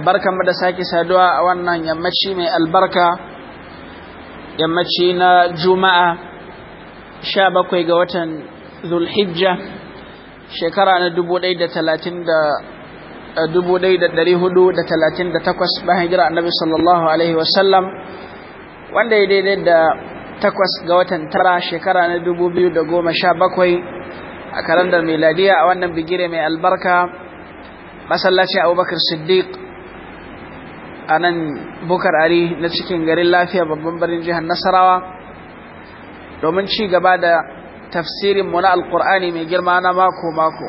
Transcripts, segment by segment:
barkanmu da sake saduwa a wannan yammaci mai albarka yammaci na juma'a sha bakwai ga watan zulhijja shekara na dubu ɗaya da talatin da eh, dubu ɗaya da ɗari hudu da talatin da takwas bayan jira annabi sallallahu alaihi wasallam wanda ya daidai da takwas ga watan tara shekara na dubu biyu da goma sha bakwai a kalandar miladiya a wannan bigire mai albarka masallacin abubakar siddiq a nan bukar ali na cikin garin lafiya babban birnin jihar nasarawa domin ci gaba da tafsirin mu na alkur'ani mai girma na mako-mako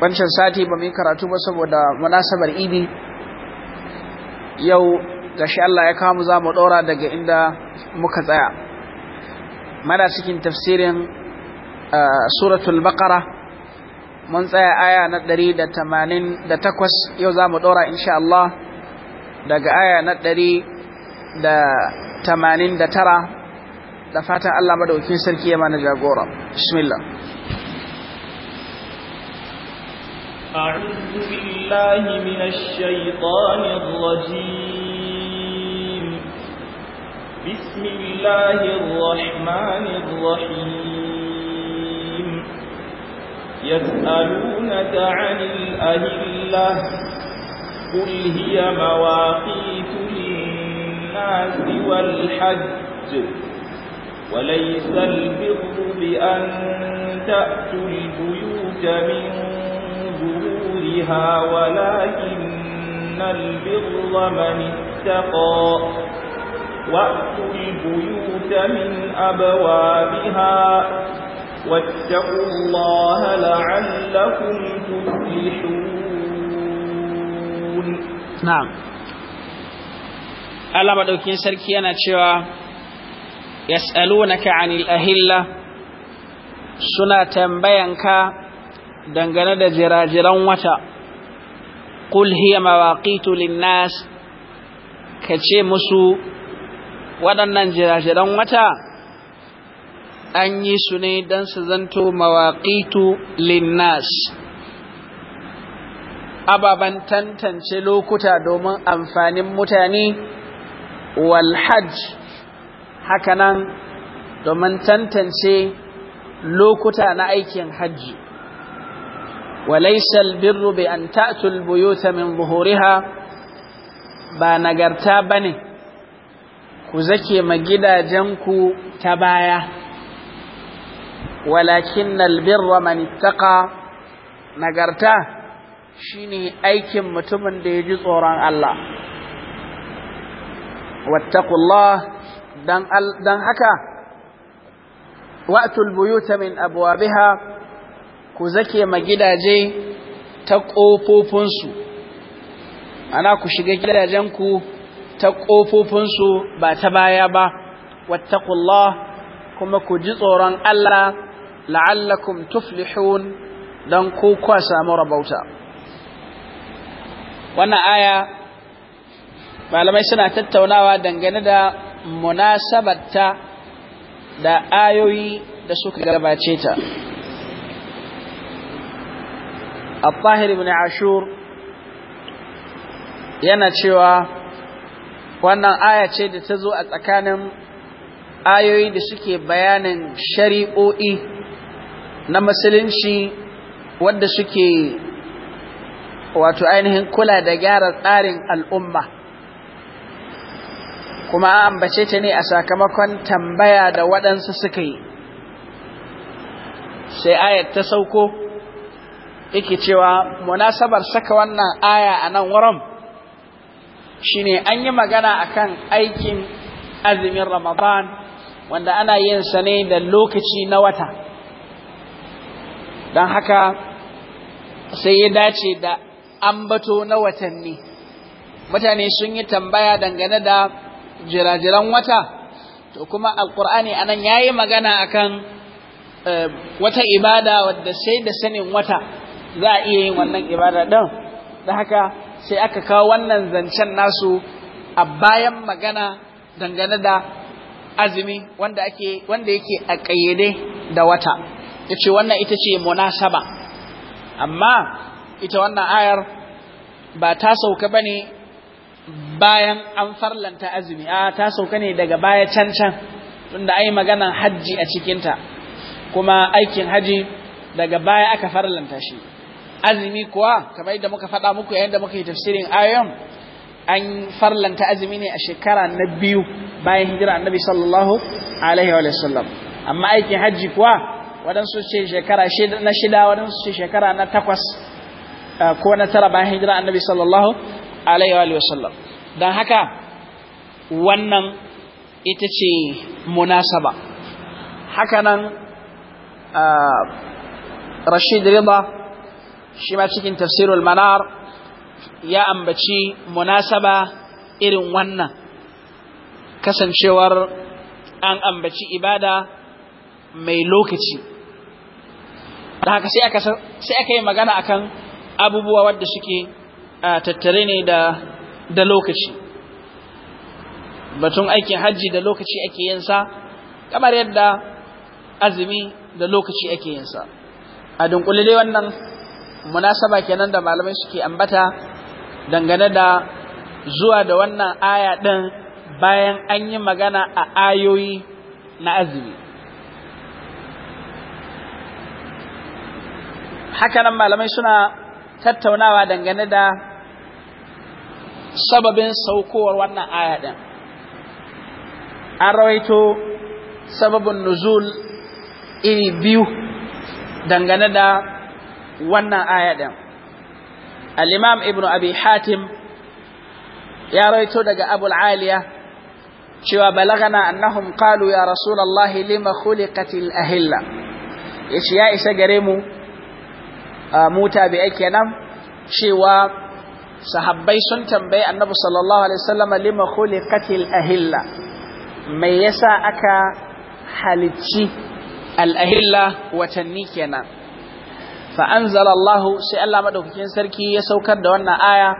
wancan sati ba mu yi karatu ba saboda munasabar idi yau gashi Allah ya kamu za mu ɗora daga inda muka tsaya mana cikin tafsirin eh, suratul baqara mun tsaya aya na 188 yau za mu ɗora insha Allah daga aya na 189 da fatan Allah madaukin sarki ya mana jagora bismillah أعوذ بالله من الشيطان الرجيم بسم الله الرحمن الرحيم يسألونك عن الأهلة قل هي مواقيت للناس والحج وليس البر بأن تأتوا البيوت من ظهورها ولكن البر من اتقى وأتوا البيوت من أبوابها واتقوا الله لعلكم تفلحون نعم Allah madaukin sarki yana cewa yas'alunaka 'anil ahilla suna tambayanka dangane da jirajiran wata qul hiya mawaqitu lin-nas kace musu waɗannan jirajiran wata an yi su ne don su zanto mawaƙitu linnas ababen tantance lokuta domin amfanin mutane walhaj hakanan domin tantance lokuta na aikin hajji walaisal birru bi an ta'tul buyuta min zuhuriha ba nagarta bane ku zake ma gidajenku ta baya walakin albirra man nagarta shine aikin mutumin da ya ji tsoron Allah don dan haka wa'tul buyuta min abwabiha ku zake ma gidaje ta kofofinsu ana ku shiga gidajenku ta kofofinsu ba ta baya ba wattakullah kuma ku ji tsoron Allah la'allakum tuflihun don ku kwa samu rabauta wannan aya malamai suna tattaunawa dangane da munasabarta da ayoyi da suka gabace ta Abahir ibn ashur yana cewa wannan aya ce da ta zo a tsakanin ayoyi da suke bayanin shari'o'i na musulunci wadda suke wato ainihin kula da gyara tsarin al'umma kuma an ambace ta ne a sakamakon tambaya da waɗansu suka yi sai ayat ta sauko yake cewa munasabar saka wannan aya a nan wurin shine an yi magana akan aikin azumin ramadan wanda ana yin sa ne da lokaci na wata don haka sai ya dace da ambato na watanni mutane sun yi tambaya dangane da jirajiran wata to kuma alkur'ani anan yayi magana akan eh, wata ibada wadda sai da sanin wata za a iya yin wannan ibada din da haka sai aka kawo wannan zancen nasu a bayan magana dangane da azumi wanda yake a kayyade da wata ya ce wannan ita ce munasaba amma ita wannan ayar ba ta sauka ba ne bayan an farlanta azumi a ta sauka ne daga baya can can tunda ai maganan hajji a cikinta kuma aikin hajji daga baya aka farlanta shi azumi kuwa kamar yadda muka faɗa muku yayin da muka yi tafsirin ayoyin an farlanta azumi ne a shekara na biyu bayan hijira annabi sallallahu alaihi wa sallam amma aikin hajji kuwa waɗansu ce shekara na shida waɗansu ce shekara na takwas eh, ko na tara bayan hijira annabi sallallahu alaihi wa sallam don haka wannan ita ce munasaba hakanan eh, rashid rida shi ma cikin tafsirul manar ya ambaci munasaba irin wannan kasancewar an ambaci ibada mai lokaci da haka sai aka sai yi magana akan abubuwa wanda suke tattare ne da da lokaci batun aikin hajji da lokaci ake yin kamar yadda azumi da lokaci ake yinsa. a dunkule dai wannan munasaba kenan da malamai suke ambata dangane da zuwa da wannan aya din bayan an yi magana a ayoyi na azumi hakanan malamai suna tattaunawa dangane da sababin saukowar wannan aya an rawaito sababin nuzul iri biyu dangane da wannan aya din al-imam ibnu abi hatim ya rawaito daga abul aliya cewa balagana annahum qalu ya rasulallahi lima khuliqatil ahilla yace ya isa gare mu mu tabi'ai kenan cewa sahabbai sun tambayi annabi sallallahu alaihi wasallam lima khuliqatil ahilla mai yasa aka halicci alahilla watanni kenan fa anzalallahu sai Allah madaukakin sarki ya saukar da wannan aya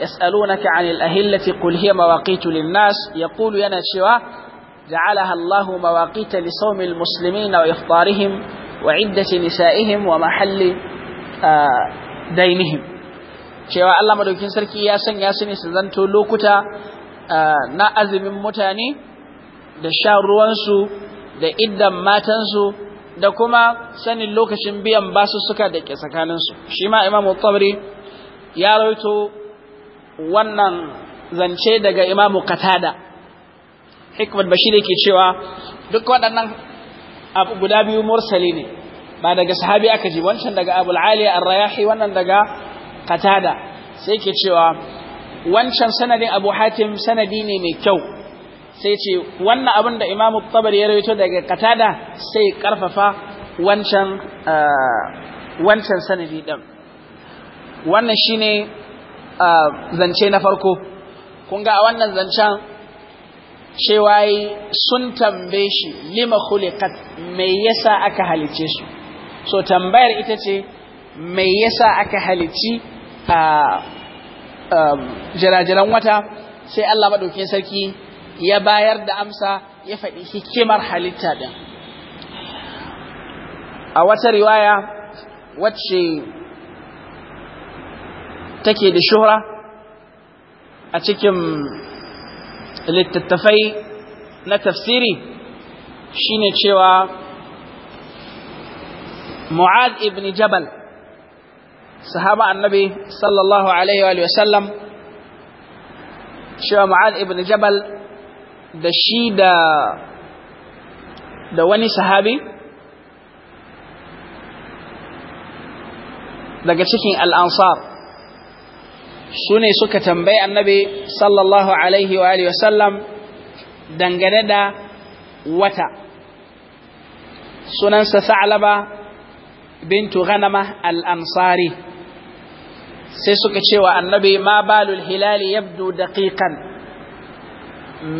yas'alunaka anil ahillati qul hiya linnas lin nas yana cewa na الله مواقيت wa المسلمين وإفطارهم nisa'ihim wa mahalli dainihim cewa Allah madaukin sarki ya sanya su ne su zanto lokuta na azumin mutane da shan ruwansu da iddan matansu da kuma sanin lokacin biyan suka da ke tsakaninsu shi ma imamu tsabri ya rawaito wannan zance daga imamu katada hikmat bashir yake cewa duk waɗannan abu guda biyu mursali ne ba daga sahabi aka ji wancan daga abul ali ar-rayahi wannan daga qatada sai ke cewa wancan sanadin abu hatim sanadi ne mai kyau sai ce wannan abin da imamu tabari ya rawaito daga qatada sai karfafa wancan eh, wancan sanadi din wannan shine eh, zance na farko kun ga wannan zancen cewa sun tambaye shi lima khuliqat me yasa aka halice su so tambayar ita ce mai yasa aka halicci a um, jirajiran wata sai Allah maɗaukin sarki ya bayar da amsa ya faɗi hikimar halitta ɗin a wata riwaya wacce take da shuhra a cikin littattafai na tafsiri shine cewa Mu'ad ibn Jabal sahaba annabi sallallahu alaihi wa sallam cewa Mu'ad ibn Jabal da shi da wani sahabi daga cikin al-ansar. ne suka tambayi annabi sallallahu alaihi wa sallam dangane da wata sunansa sa'alaba bintu ghanama al-ansari sai suka cewa annabi ma balul hilali yabdu daqiqan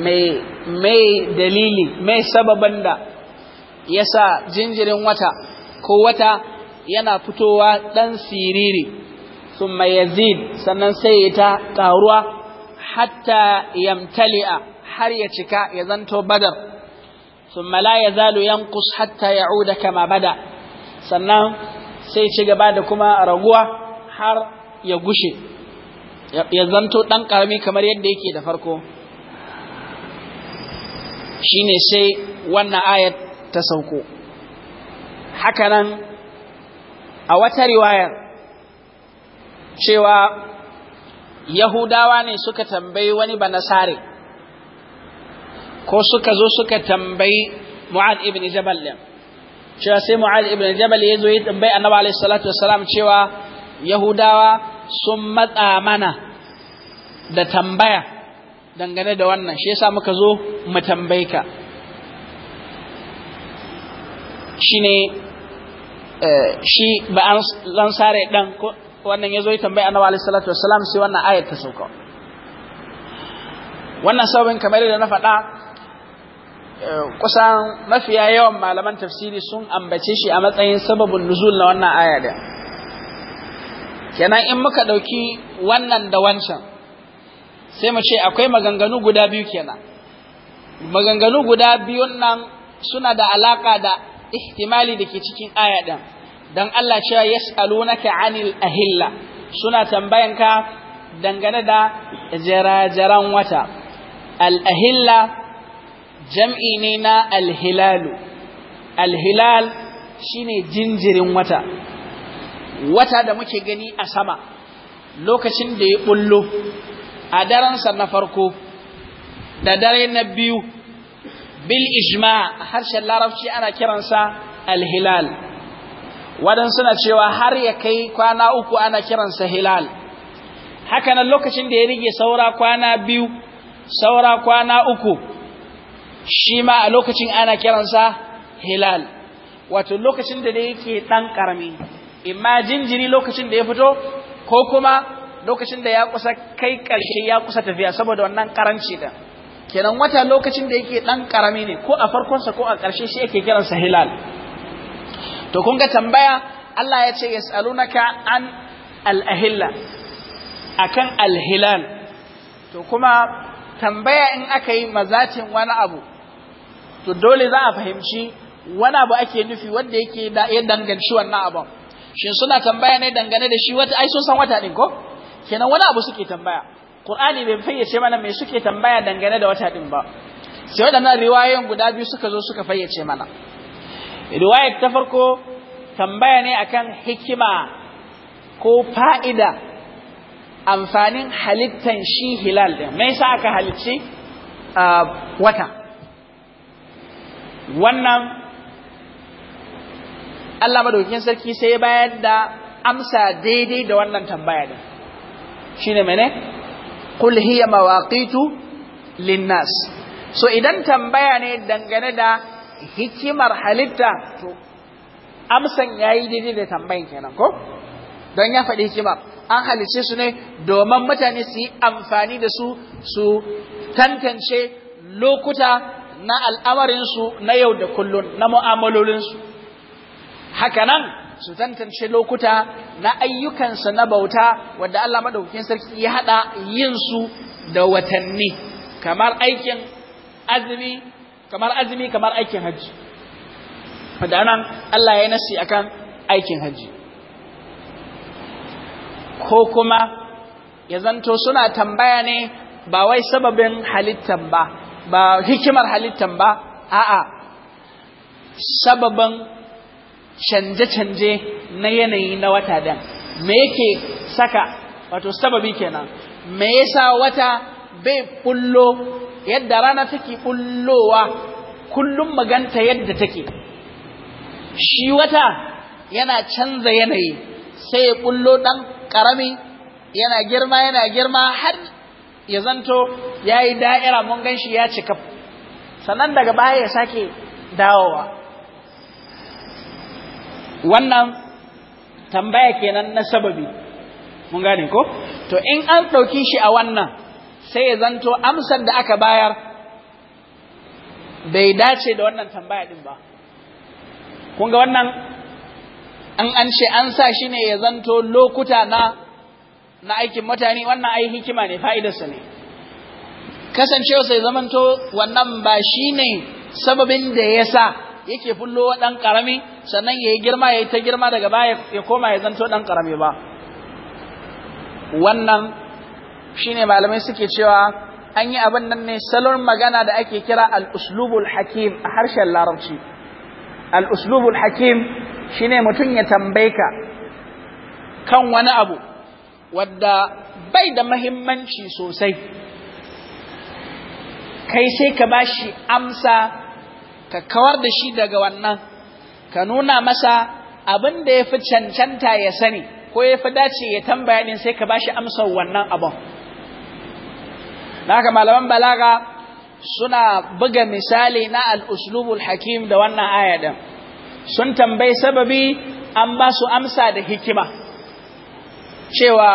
mai mai dalili mai sababan da ya sa jinjirin wata ko wata yana fitowa ɗan siriri thumma yazid sannan sai ya ta karuwa hatta yamtali'a har ya cika ya zanto badar thumma la yazalu yanqus hatta ya'uda kama bada' sannan sai ci gaba da kuma raguwa har ya gushe ya zanto ɗan ƙarami kamar yadda yake da farko shine sai wannan ayat ta sauko hakanan a wata riwayar cewa Yahudawa ne suka tambayi wani banasare ko suka zo suka tambayi Mu'ad ibn Jabal cewa sai mu'adh ibn jabal ya zo ya tambayi annabi alayhi salatu wassalam cewa yahudawa sun matsa mana da tambaya dangane da wannan shi yasa muka zo mu tambaye ka shine eh, shi ba an zan sare dan wannan ya zo ya annabi alayhi salatu wassalam sai wannan ayat ta sauka wannan sabon kamar da na faɗa kusan mafiya yawan malaman tafsiri sun ambace shi a matsayin sababin nuzul na wannan aya da kenan in muka ɗauki wannan da wancan sai mu ce akwai maganganu guda biyu kenan maganganu guda biyun nan suna da alaka da ihtimali da ke cikin aya ɗin don Allah cewa yas'alunaka anil ahilla suna tambayanka dangane da jarajaran wata al ahilla jam'i ne na alhilalu alhilal shine jinjirin wata wata da muke gani a sama lokacin da ya bullo a daransa na farko da dare na biyu bil ijma harshen larabci ana kiransa alhilal wadan suna cewa har ya kai kwana uku ana kiransa hilal hakanan lokacin da ya rige saura kwana biyu saura kwana uku shi ma a lokacin ana kiransa hilal wato lokacin da da yake dan karami imma jinjiri lokacin da ya fito ko kuma lokacin da ya kusa kai karshe ya kusa tafiya saboda wannan karanci da kenan wata lokacin da yake ɗan karami ne ko a farkonsa ko a karshe shi yake kiransa hilal to kun ga tambaya Allah ya ce yas'alunaka an al-ahilla akan al-hilal to kuma tambaya in aka yi mazatin wani abu to dole za a fahimci wani abu ake nufi wanda yake da ya danganci wannan abun shin suna tambaya ne dangane da shi wata ai sun san wata din ko kenan wani abu suke tambaya qur'ani bai fayyace mana me suke tambaya dangane da wata din ba sai waɗannan riwayoyin guda biyu suka zo suka fayyace mana riwayar ta farko tambaya ne akan hikima ko fa'ida amfanin halittan shi hilal din me yasa aka halicci ah, wata wannan Allah madaukakin sarki sai ya bayar da amsa daidai da wannan tambaya din shine mene qul hiya mawaqitu linnas so idan tambaya ne dangane da hikimar halitta to amsan yayi daidai da tambayin kenan ko don ya faɗi hikimar an halice su ne domin mutane su yi amfani da su su tantance lokuta na al'amarinsu na yau da kullun na mu'amalolinsu hakanan su tantance lokuta na ayyukansa na bauta wadda Allah madaukakin sarki ya haɗa yinsu da watanni kamar aikin azumi kamar azumi kamar aikin hajji wadda nan Allah ya nasi akan aikin hajji ko kuma ya zanto suna tambaya ne ba wai sababin halittan ba ba hikimar halittan ba a'a sababan canje-canje na yanayi na wata dan me yake saka wato sababi kenan me yasa wata bai kullo yadda rana take kullowa kullum maganta yadda take shi wata yana canza yanayi sai ya kullo dan karami yana girma yana girma har ya zanto ya yi da'ira mun gan shi ya cika sannan daga baya ya sake dawowa wannan tambaya kenan na sababi mun gane ko to in an ɗauki shi a wannan sai ya zanto amsar da aka bayar bai dace da wannan tambaya din ba kun ga wannan an an ce an sa shi ne ya zanto lokuta na na aikin mutane wannan ai hikima ne fa'idarsa ne kasancewa sai zamanto wannan ba shi ne sababin da ya sa yake fullo ɗan ƙarami sannan ya yi girma ya yi ta girma daga baya ya koma ya zanto ɗan ƙarami ba wannan shi malamai suke cewa an yi abin nan ne salon magana da ake kira al'uslubul hakim a harshen larabci al'uslubul hakim shine ne mutum ya tambaye kan wani abu wadda bai da mahimmanci sosai kai sai ka bashi amsa ka kawar da shi daga wannan ka nuna masa abin da ya fi cancanta ya sani ko ya fi dace ya tambaya ne sai ka bashi amsar wannan abin naka malaman balaga suna buga misali na al'uslubul hakim da wannan ayyadan, sun tambayi sababi an ba su amsa da hikima cewa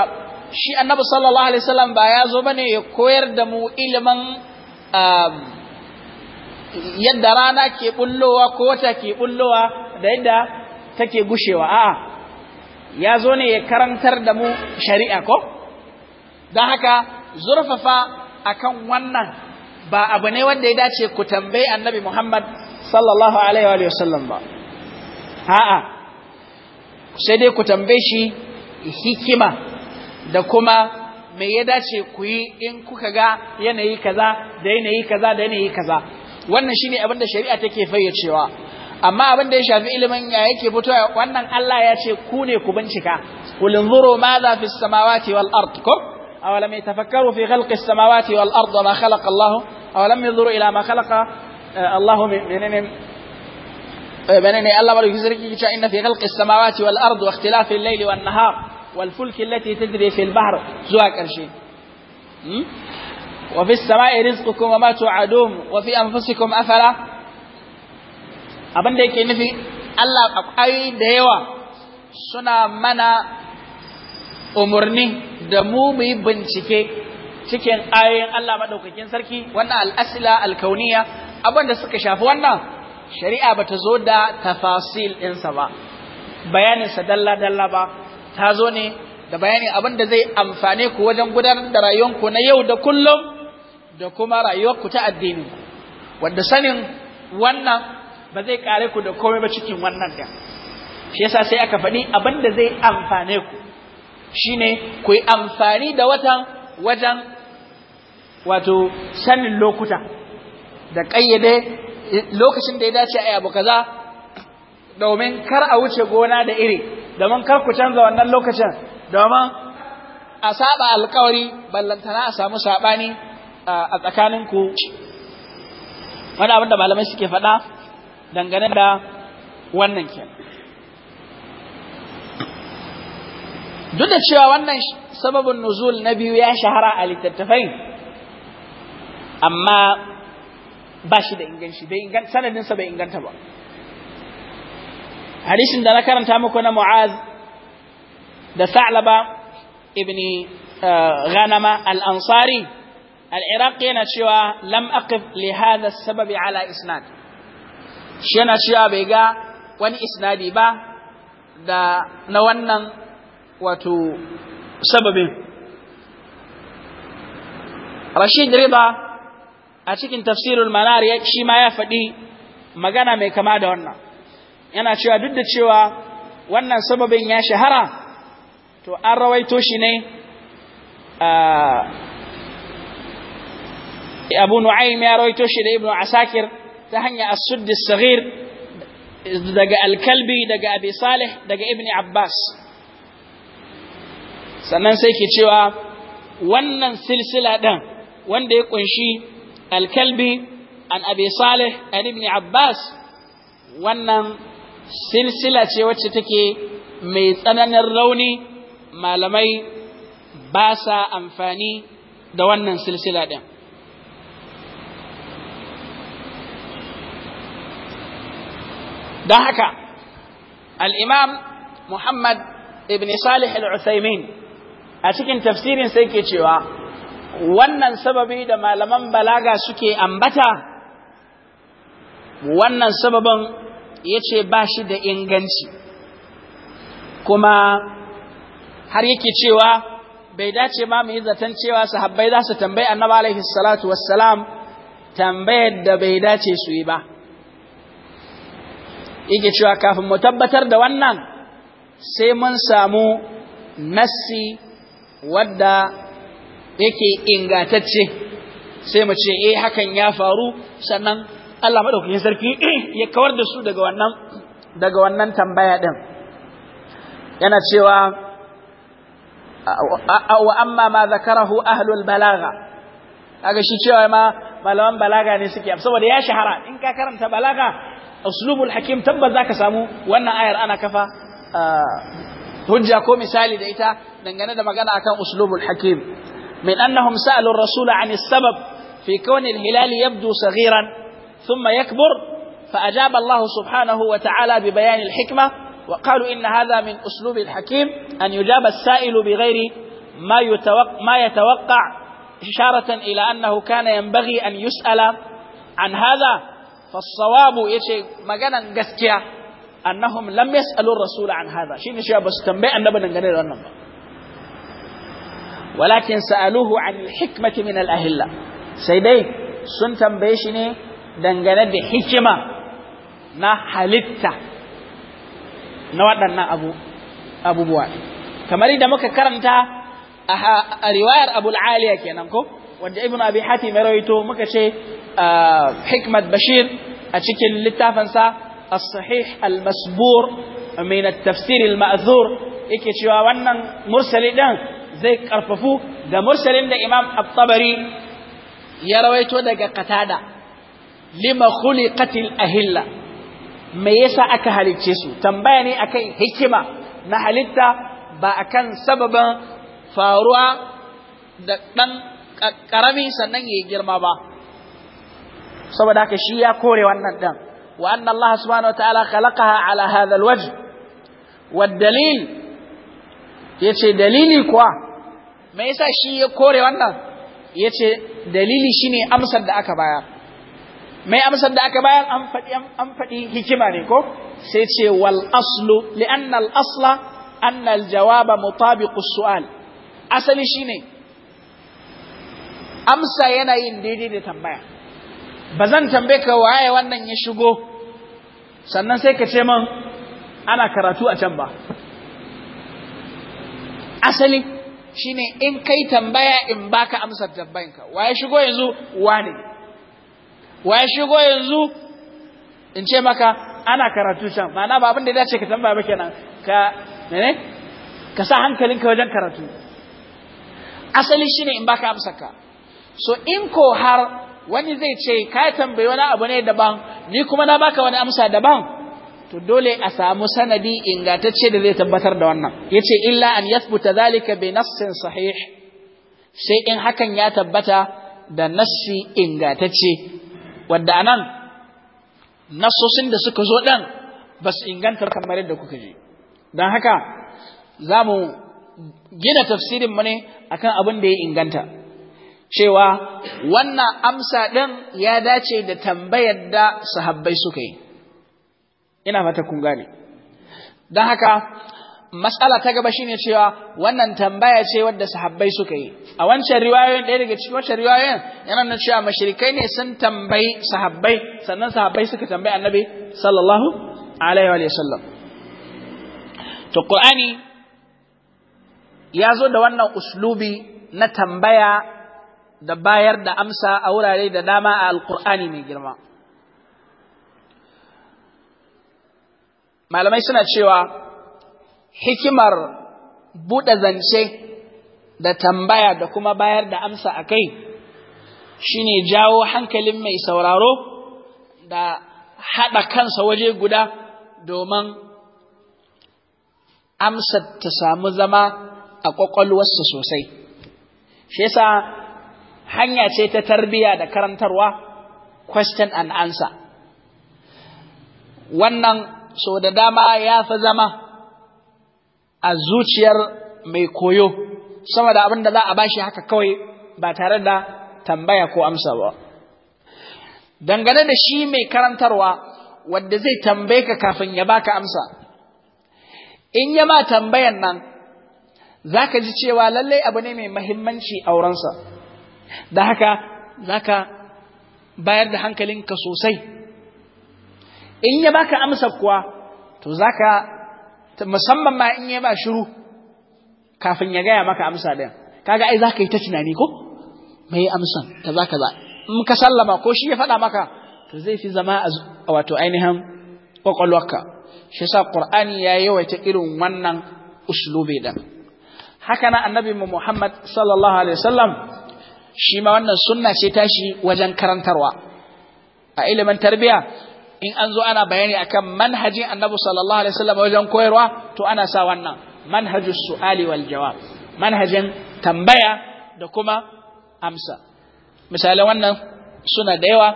shi annabi sallallahu alaihi wasallam ba ya zo bane ya koyar da mu ilimin um, yadda rana ke bullowa ko wata ke bullowa da yadda take gushewa a'a ya zo ne ya karantar da mu shari'a ko don haka zurfafa akan wannan ba abu ne wanda ya dace ku tambayi annabi Muhammad sallallahu alaihi wa sallam ba a'a sai dai ku tambaye shi hikima da kuma me ya dace ku yi in kuka ga yanayi kaza da yanayi kaza da yanayi kaza wannan shine abin da shari'a take fayyacewa amma abin da ya shafi ilimin ya yake fitowa wannan Allah ya ce ku ne ku bincika qul inzuru madha fi samawati wal ard ko awalam yatafakkaru fi khalqi samawati wal ard ma khalaqa Allah awalam yanzuru ila ma khalaqa eh, Allah min بنين الله بارك في سرك إن في خلق السماوات والأرض واختلاف الليل والنهار والفلك التي تجري في البحر زواك أرشي وفي السماء رزقكم وما توعدون وفي أنفسكم أفلا yake nufi Allah akwai da yawa suna mana umarni da mu bincike cikin ayoyin Allah maɗaukakin sarki wannan al'asila alkauniya abin suka shafi wannan shari'a ba ta zo da tafasil ɗinsa ba bayaninsa dalla-dalla ba ta zo ne da bayanin abin da zai amfane ku wajen gudanar da rayuwanku na yau da kullum da kuma rayuwarku ta addini wanda sanin wannan ba zai kare ku da komai ba cikin wannan ɗin shi yasa sai aka faɗi abin da zai amfane ku shine ku yi amfani da watan wajen wato sanin lokuta da ƙayyade lokacin da ya dace a abu kaza domin kar a wuce gona da iri domin kar ku canza wannan lokacin domin a saba alkawari ballantana a samu sabani a tsakanin ku wani abin da malamai suke faɗa dangane da wannan ke duk da cewa wannan sababin nuzul na biyu ya shahara a littattafai amma ba shi da inganci bai inganta sanadin bai inganta ba hadisin da na karanta muku na Mu'az da Sa'laba ibn uh, Ghanama al-Ansari al-Iraqi yana cewa lam aqif li sababi ala isnad shi yana cewa bai ga wani isnadi ba da na wannan wato sababin Rashid Riba a cikin tafsirul manar shi ma ya faɗi magana mai kama da wannan yana cewa duk da cewa wannan sababin ya shahara to an rawaito shi ne abu nu'aym ya rawaito shi da ibnu asakir ta hanya as-sudd as-saghir daga al-kalbi daga abi salih daga ibni abbas sannan sai ke cewa wannan silsila ɗin wanda ya kunshi alkalbi an abi salih an ibn abbas wannan silsila ce wacce take mai tsananin rauni malamai ba sa amfani da wannan silsila ɗin don haka al'imam muhammad ibn salih al a cikin tafsirin sai ke cewa wannan sababi da malaman balaga suke ambata wannan sababin ya ce ba shi da inganci kuma har yake cewa bai dace ma mu yi zaton cewa sahabbai za su tambayi annabi alaihi salatu wassalam tambayar da bai dace su yi ba yake cewa kafin mu tabbatar da wannan sai mun samu nassi wadda yake ingatacce sai mu ce eh hakan ya faru sannan Allah madaukakin sarki ya kawar da su daga wannan daga wannan tambaya din yana cewa wa amma ma zakarahu ahlul balagha kaga shi cewa ma malaman balaga ne suke saboda ya shahara in ka karanta balaga uslubul hakim tabbas zaka samu wannan ayar ana kafa ah, hujja ko misali da ita dangane da magana akan uslubul hakim من أنهم سألوا الرسول عن السبب في كون الهلال يبدو صغيرا ثم يكبر فأجاب الله سبحانه وتعالى ببيان الحكمة وقالوا إن هذا من أسلوب الحكيم أن يجاب السائل بغير ما يتوقع, ما يتوقع إشارة إلى أنه كان ينبغي أن يسأل عن هذا فالصواب يشي مجانا قسكيا أنهم لم يسألوا الرسول عن هذا شيء نشي بس تنبئ النبي نغني لأنهم walakin sa'aluhu an hikmati min al sai dai sun tambaye shi ne dangane da hikima na halitta na waɗannan abu kamar da muka karanta a riwayar Abu al-Aliya kenan ko wanda ibnu Abi Hatim ya rawaito muka ce hikmat Bashir a cikin littafinsa الصحيح المسبور من التفسير ma'azur yake cewa wannan mursali ɗin zai karfafu da mursalin da imam at-tabari ya rawaito daga katada. lima khuliqatil ahilla me yasa aka halicce su tambaya ne akan hikima na halitta ba akan sababan faruwa da dan karami sannan yayi girma ba saboda haka shi ya kore wannan dan wa anna Allah subhanahu wa ta'ala khalaqaha ala hadha alwajh والدليل yace dalili kuwa me yasa shi ya kore wannan yace dalili shine amsar da aka bayar mai amsar da aka bayar an faɗi an faɗi hikima ne ko sai ce wal aslu anna al asla anna al jawaba mutabiqu su'al asali shine amsa yana yin daidai da tambaya ba zan tambaye ka waye wannan ya shigo sannan sai ka ce man ana karatu a can ba asali shine in kai tambaya in baka amsar wa waye shigo yanzu wane waye shigo yanzu in ce maka ana karatu can ma'ana ba abin da ya ce ka tambaya ba kenan ka ne? ka sa hankalinka wajen karatu asali shine in baka amsar ka so in ko har wani zai ce ka tambayi wani abu ne daban ni kuma na baka wani amsa daban to dole a samu sanadi ingantacce da zai tabbatar da wannan yace illa an yathbuta zalika bi nassin sahih sai in hakan ya tabbata da nassi ingantacce wanda anan nassosin da suka zo dan ba su inganta kamar yadda kuka ji dan haka za mu gina tafsirin mu ne akan abin da ya inganta cewa wannan amsa ɗin ya dace da tambayar da sahabbai suka yi ina mata kun gane don haka matsala ta gaba shine cewa wannan tambaya ce wadda sahabbai suka yi a wancan riwayoyin ɗaya daga cikin wancan riwayoyin yana nuna cewa mashirikai ne sun tambayi sahabbai sannan sahabbai suka tambayi annabi sallallahu alaihi wa sallam to qur'ani ya zo da wannan uslubi na tambaya da bayar da amsa a wurare da dama a alqur'ani mai girma malamai suna cewa hikimar buɗe zance da tambaya da kuma bayar da amsa a kai shi ne jawo hankalin mai sauraro da haɗa kansa waje guda domin amsa ta samu zama a ƙwaƙwalwarsa sosai shi yasa hanya ce ta tarbiyya da karantarwa question and answer wannan so da dama ya fi zama a zuciyar mai koyo sama da abin da za a bashi haka kawai ba tare da tambaya ko amsa ba dangane da shi mai karantarwa wanda zai tambaye ka kafin ya baka amsa in ya ma tambayan nan za ka ji cewa lallai abu ne mai mahimmanci aurensa da haka za ka bayar da hankalinka sosai in ya baka amsa kuwa to zaka musamman ma in ya ba shiru kafin ya gaya maka amsa din kaga ai zaka yi ta tunani ko mai amsan zaka za in ka sallama ko shi ya faɗa maka to zai fi zama a wato ainihin kwakwalwarka shi sa qur'ani ya yawaita irin wannan uslubi din haka na annabi muhammad sallallahu alaihi wasallam shi ma wannan sunna ce tashi wajen karantarwa a ilimin tarbiyya in an zo ana bayani akan manhajin annabi sallallahu alaihi wasallam wajen koyarwa to ana sa wannan manhajus su'ali wal jawab manhajin tambaya da kuma amsa misalan wannan suna da yawa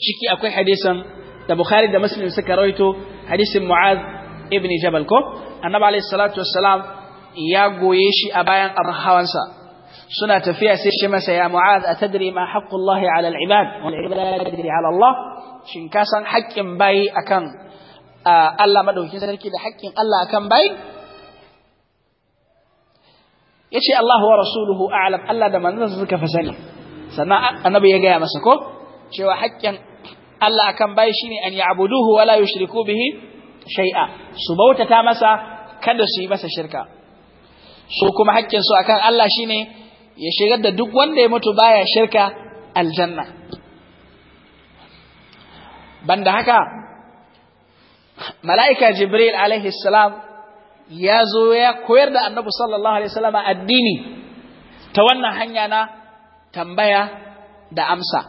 ciki akwai hadisin da Bukhari da Muslim suka rawaito hadisin Mu'az ibn Jabal ko annabi alaihi salatu wassalam ya goye shi a bayan hawansa suna tafiya sai shi masa ya mu'az atadri ma haqqullahi 'ala al-ibad wal ibad 'ala Allah shin ka san haƙƙin bayi akan Allah madaukakin sarki da haƙƙin Allah akan bayi yace Allah wa rasuluhu a'lam Allah da manzon suka fa sani sannan annabi ya gaya masa ko cewa haƙƙin Allah akan bayi shine an ya'buduhu wa la yushriku bihi shay'a su bautata masa kada su yi masa shirka su kuma haƙƙin su akan Allah shine ya shigar da duk wanda ya mutu baya shirka aljanna banda haka mala'ika jibril alaihi salam ya zo ya koyar da annabi sallallahu alaihi wasallam addini ta wannan hanya na tambaya da amsa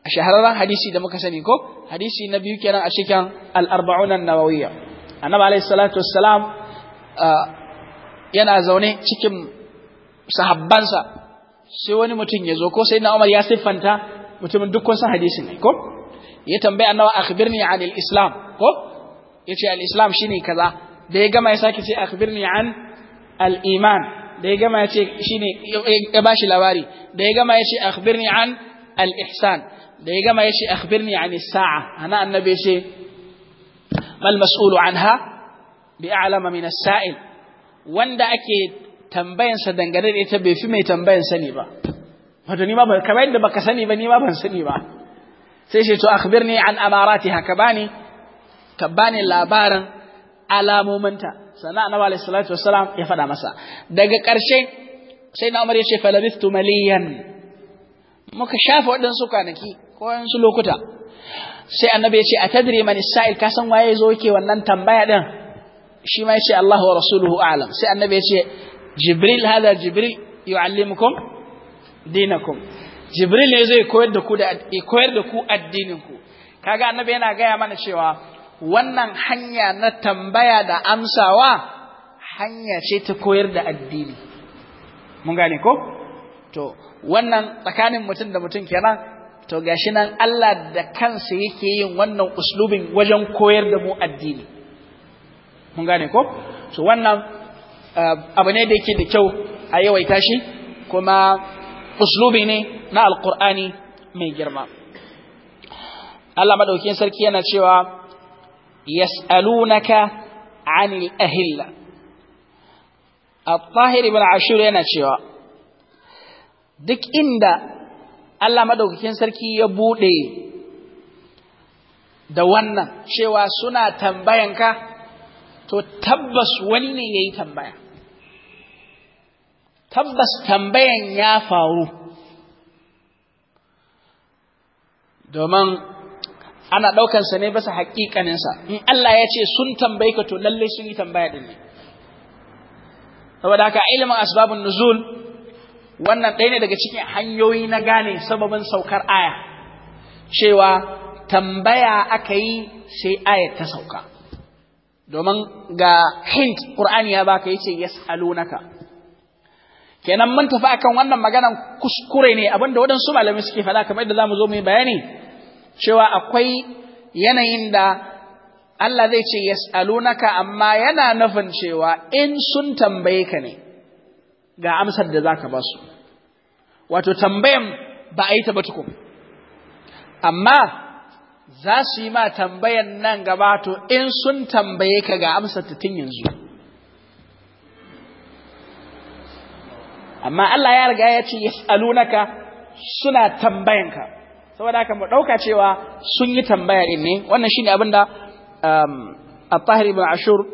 a shahararren hadisi da muka sani ko hadisi na biyu kenan a cikin al-arba'un an-nawawiyya annabi alaihi salatu wassalam uh, yana zaune cikin sahabbansa sai wani mutum ya zo ko sai na Umar ya siffanta mutumin dukkan sa hadisi ne ko ya tambaya annawa akhbirni anil islam ko yace al islam shine kaza da ya gama ya sake ce akhbirni an al iman da ya gama ya ce shine ya bashi labari da ya gama ya ce akhbirni an al ihsan da ya gama ya ce akhbirni an as sa'a ana annabi ce mal mas'ulu anha bi a'lama min as sa'il wanda ake tambayansa dangane da ita bai fi mai tambayan sani ba wato ni ma ba kamar yadda baka sani ba ni ma ban sani ba sai shi to akhbirni an amaratiha ka bani ka bani labarin alamominta sannan annabi alaihi salatu wassalam ya faɗa masa daga ƙarshe sai na umar ya ce falabistu maliyan muka shafa waɗansu kwanaki ko waɗansu lokuta sai annabi ya ce a tadri man sa'il ka san waye zo yake wannan tambaya din shi ma ya ce Allahu wa rasuluhu a'lam sai annabi ya ce jibril hada jibril yu'allimukum dinakum jibril ne zai koyar da ku da koyar da ku addinin ku kaga annabi yana gaya mana cewa wannan hanya na tambaya da amsawa hanya ce ta koyar da addini mun gane ko to wannan tsakanin mutum da mutum kenan to gashi nan Allah da kansa yake yin wannan uslubin wajen koyar da mu addini mun gane ko to wannan Eh, abu ne da yake da kyau a yawaita shi kuma uslubi ne na alkur'ani mai girma Allah madaukin sarki yana cewa yas'alunaka anil ahilla Al-Tahir ibn Ashur yana cewa duk inda Allah madaukakin sarki ya bude da wannan cewa suna tambayanka to tabbas wani ne yayi tambaya tabbas tambayan ya faru domin ana ɗaukansa ne basa haƙiƙaninsa in Allah ya ce sun tambaye ka to lallai sun yi tambaya ɗin ne saboda haka ilimin asbabun nuzul wannan ɗaya ne daga cikin hanyoyi na gane sababin saukar aya cewa tambaya aka yi sai aya ta sauka domin ga hint ƙur'ani ya baka yace yas'alunaka kenan mun tafi akan wannan maganan kuskure ne abinda waɗansu malamai suke faɗa kamar yadda zamu zo mu yi bayani cewa akwai yanayin da Allah zai ce yas'alunaka amma yana nufin cewa in sun tambaye ka ne ga amsar da zaka ba su wato tambayan ba a yi ta ba tukun amma za su yi ma tambayan nan gaba to in sun tambaye ka ga amsar ta tun yanzu amma Allah ya riga ya ce yas'alunaka suna tambayanka saboda haka mu dauka cewa sun yi tambaya din ne wannan shine abin da um, at-tahir ibn ashur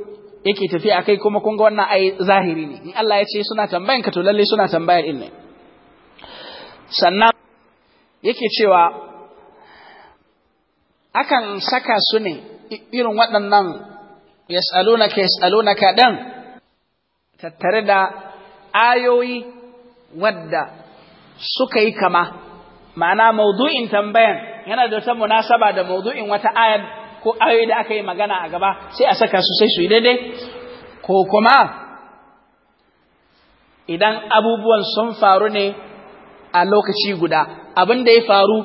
yake tafiya akai kuma kun ga wannan ai zahiri ne in Allah ya ce suna tambayanka to lalle suna tambaya din ne sannan yake cewa akan saka su ne irin waɗannan yas'alunaka yas'alunaka dan tattare da ayoyi wadda suka yi kama ma'ana maudu'in tambayan yana da wata munasaba da maudu'in wata ayar ko ayoyi da aka yi magana a gaba sai a saka su sai su yi daidai ko kuma idan abubuwan sun faru ne a lokaci guda abin da ya faru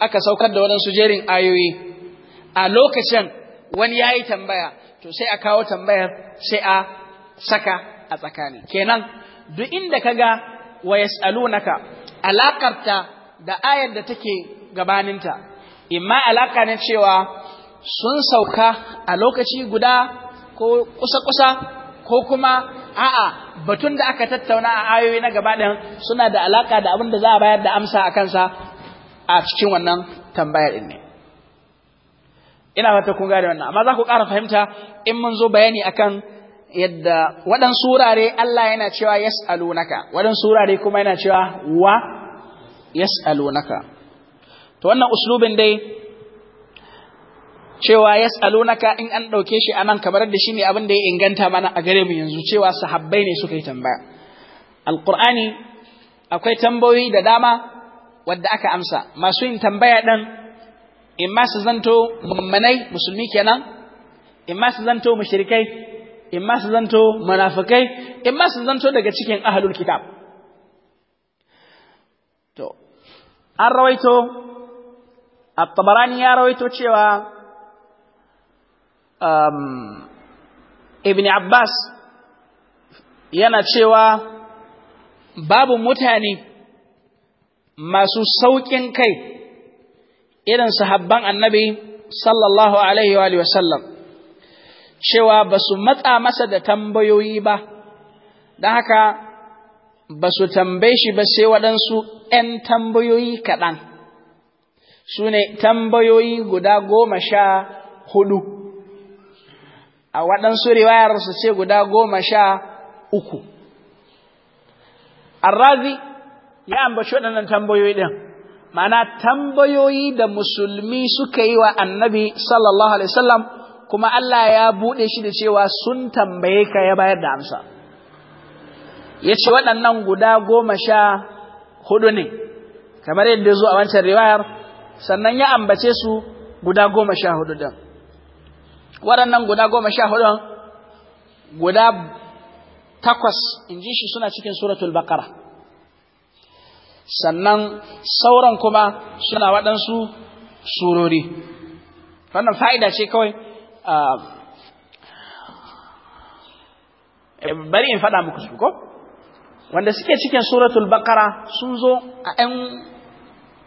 aka saukar da waɗansu jerin ayoyi a lokacin wani ya yi tambaya to sai a kawo tambayar sai a saka a tsakani kenan duk inda ka ga wa yas'alunaka alakarta da ayar da take gabaninta imma alaka ne cewa sun sauka a lokaci guda ko kusa-kusa ko kuma a'a batun da aka tattauna a ayoyi na gaba suna da alaka da abin da za a bayar da amsa a kansa a cikin wannan tambayar ɗin ne ina fata kun gane wannan amma za ku ƙara fahimta in mun zo bayani akan yadda waɗansu wurare Allah yana cewa yas'alunaka waɗansu wurare kuma yana cewa wa yas'alunaka to wannan uslubin dai cewa yas'alunaka in an ɗauke shi anan kamar da shine abin da ya inganta mana a gare mu yanzu cewa sahabbai ne suka yi tambaya alqur'ani akwai tambayoyi da dama wadda aka amsa masu yin tambaya ɗan in ma su zanto mummanai musulmi kenan in ma su zanto mushrikai in ma su zanto manafikai in ma su zanto daga cikin ahlul kitab to an rawaito at-tabarani ya rawaito cewa um, ibn abbas yana cewa babu mutane masu sauƙin kai irin sahabban annabi sallallahu alaihi wa sallam cewa ba su matsa masa da tambayoyi ba, da haka ba su tambaye shi ba sai waɗansu ‘yan tambayoyi kaɗan, su ne tambayoyi guda goma sha hudu, a waɗansu riwayar su ce guda goma sha uku. Arrazi ya ambaci waɗannan tambayoyi ɗin. mana tambayoyi da musulmi suka yi wa annabi sallallahu Alaihi wasallam kuma Allah ya buɗe shi da cewa sun tambaye ka ya bayar da amsa ya ce waɗannan guda goma sha hudu ne kamar yadda zo a wancan riwayar sannan ya ambace su guda goma sha hudu ɗin waɗannan guda goma sha hudu guda takwas in ji shi suna cikin suratul baqara sannan sauran kuma suna waɗansu surori wannan fa'ida ce kawai Um, eh, bari in faɗa muku su ko wanda suke cikin suratul baqara sun zo a ɗan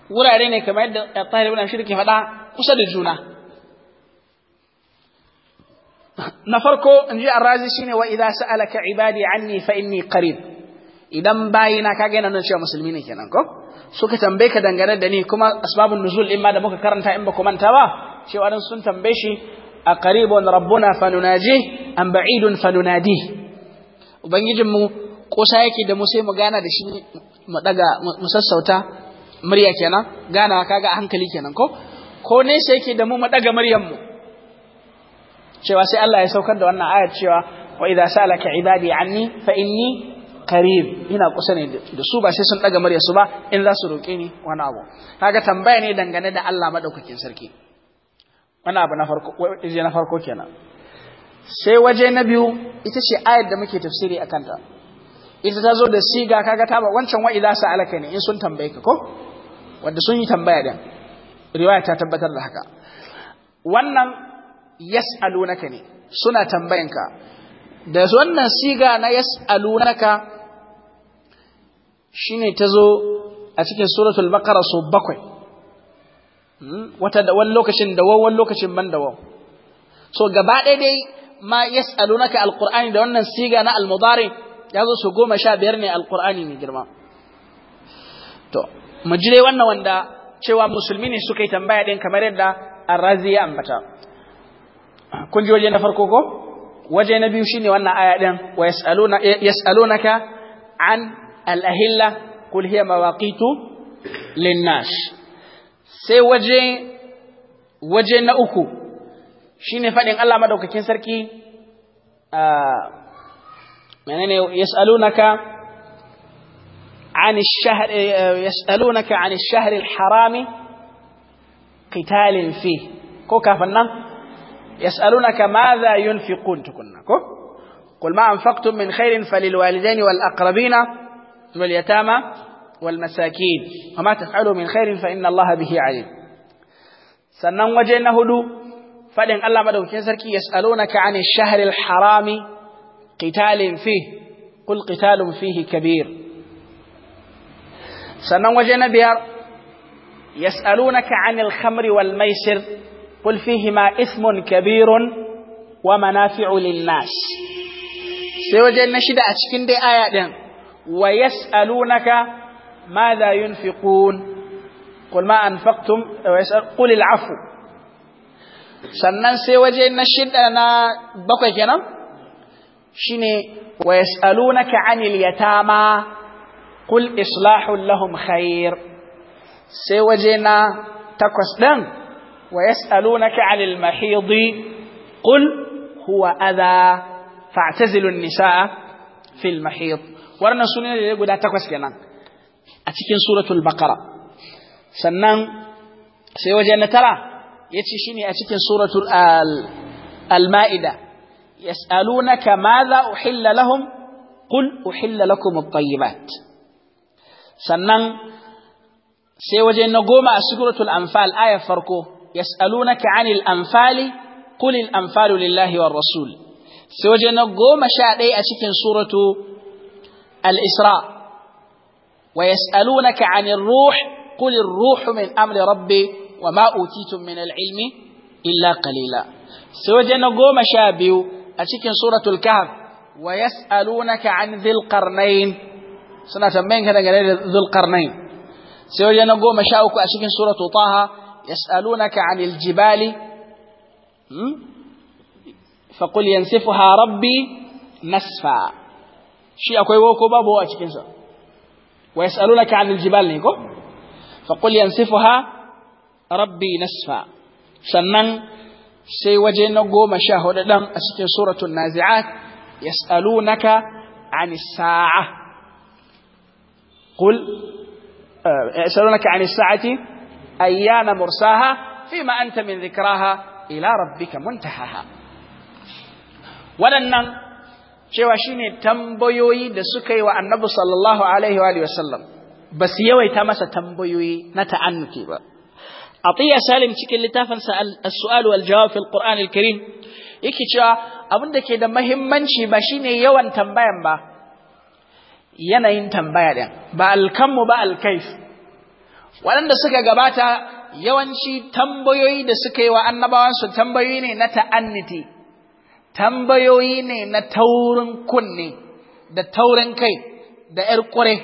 wurare ne kamar yadda tsari ibn shirki ke faɗa kusa da juna na farko in ji arrazi shine wa idza sa'alaka ibadi anni fa inni qarib idan bayina ka nan cewa musulmi ne kenan ko suka tambaye ka dangane da ni kuma asbabun nuzul in ma da muka karanta in ba ku manta ba cewa dan sun tambaye shi aqribun rabbuna fanunajih am ba'idun fanunadih ubangijin mu kusa yake da mu sai mu gana da shi mu sassauta murya kenan gana kaga hankali kenan ko ko ne sai yake da mu mu daga muryar cewa sai Allah ya saukar da wannan ayat cewa wa idza salaka ibadi anni fa inni ina kusa ne dasu su ba sai sun ɗaga muryar ba in za su roke ni wani abu kaga tambaya ne dangane da Allah madaukakin sarki wani abu na farko waje na farko kenan sai waje na biyu ita ce ayar da muke tafsiri a kanta ita ta zo da siga kaga ta ba wancan wa idza sa'alaka ne in sun tambaye ka ko wanda sun yi tambaya din riwaya ta tabbatar da haka wannan yas'alunaka ne suna ka da wannan siga na yas'alunaka shine ta zo a cikin suratul baqara so bakwai wata da wani lokacin da wani lokacin ban da wani so gaba ɗaya dai ma yas'alunaka alkur'ani da wannan siga na almudari ya zo su goma sha biyar ne Alƙur'ani mai girma to mu ji wannan wanda cewa musulmi ne suka yi tambaya din kamar yadda arrazi ya ambata kun ji waje na farko ko waje na biyu shine wannan aya din wa yas'aluna naka an al'ahilla ahilla qul hiya lin sai waje waje na uku shine fadin Allah madaukakin sarki menene yasalunaka عن الشهر يسألونك عن الشهر الحرام قتال فيه كو كافنا يسألونك ماذا ينفقون تكنا كو قل ما أنفقتم من خير فللوالدين والأقربين واليتامى والمساكين وما تفعلوا من خير فإن الله به عليم سنن وجهنا هدو فلن الله مدوك ينسرك يسألونك عن الشهر الحرام قتال فيه قل قتال فيه كبير سنن وجهنا بيار يسألونك عن الخمر والميسر قل فيهما إثم كبير ومنافع للناس سيوجه النشيدة أشكين دي آيات ويسألونك ويسألونك ما لا ينفقون قل ما أنفقتم قل العفو sannan sai waje na shida na bakwai kenan shine wa yas'alunaka 'anil yatama qul islahul lahum khair sai waje na takwas din wa yas'alunaka 'anil mahidi qul huwa adha fa'tazilu an-nisaa fil mahid wannan sunan da guda takwas kenan a cikin suratul baqara sannan sai waje na tara yace shine a cikin suratul al-ma'ida yas'alunaka madha uhilla lahum qul uhilla lakum at-tayyibat sannan sai waje na goma a suratul anfal ayar farko yas'alunaka 'anil anfali qul al-anfalu lillahi war rasul sai waje na goma sha ɗaya a cikin suratu al-isra' ويسألونك عن الروح قل الروح من أمر ربي وما أوتيتم من العلم إلا قليلا سوجن قوم شابيو أشكن سورة الكهف ويسألونك عن ذي القرنين سنة من كان ذي القرنين سوجن قوم شاوك أشكن سورة طه يسألونك عن الجبال فقل ينسفها ربي نسفا شيء أكوي وكو بابو أشكن سورة ويسألونك عن الجبال نيكو فقل ينسفها ربي نسفا سنن سي waje قوم شاهد sha أسكن سورة النازعات يسألونك عن الساعة قل آه، يسألونك عن الساعة أيان مرساها فيما أنت من ذكراها إلى ربك منتهاها ولنن cewa shine tambayoyi da suka yi wa annabi sallallahu alaihi wa sallam ba su yawaita masa tambayoyi na ta'annuti ba atiya salim cikin littafinsa as-su'al wal jawab fil qur'an al-karim yake cewa abin da ke da muhimmanci ba shine yawan tambayan ba yanayin tambaya din ba alkanmu ba alkaif waɗanda suka gabata yawanci tambayoyi da suka yi wa annabawansu tambayoyi ne na ta'anniti tambayoyi ne na taurin kunne da taurin kai da ‘yar ƙure,